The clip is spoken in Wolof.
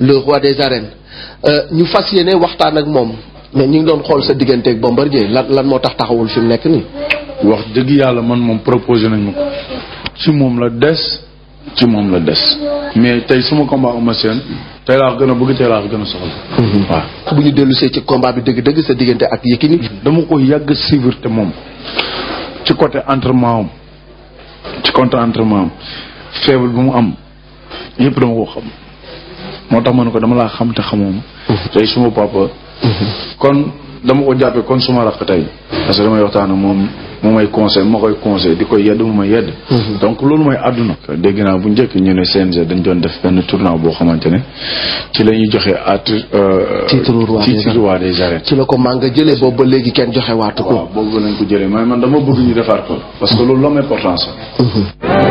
le roi des arènes euh, ñu fas yéene waxtaan ak moom mais ñu ngi doon xool sa diggante ak Bombardier lan lan moo tax taxawul fi nekk nii. wax dëgg yàlla man moom proposé nañ ma ko ci moom la des ci moom la des mais tey suma combat Eumeu Sène tey laa gën a bëgg tey laa gën a soxla. Mhm. waaw bu ñu dellu see ci combat bi dëgg-dëgg sa diggante ak Yékini. dama ko yàgg suivre te moom ci côté entraînement am ci côté entraînement am faible bu mu am yëpp dama ko xam. moo tax man ko dama laa xam te xamoo ma mhm. tey suma papa mhm. kon dama ko jàppee kon suma rakk tey parce que damay waxtaan moom mu ay conseil moo koy conseil di koy yedd mu may yedd mhm. donc loolu mooy àdduna dégg naa bu njëkk ñu ne CNG dañ doon def benn tournant boo xamante ne ci la ñuy joxe at euh, titre roi des arènes ci la ko maa nga jëlee ba léegi kenn joxe waatu ko waaw boobu ko jële mais man dama bëgg ñu defar ko parce que loolu la am importance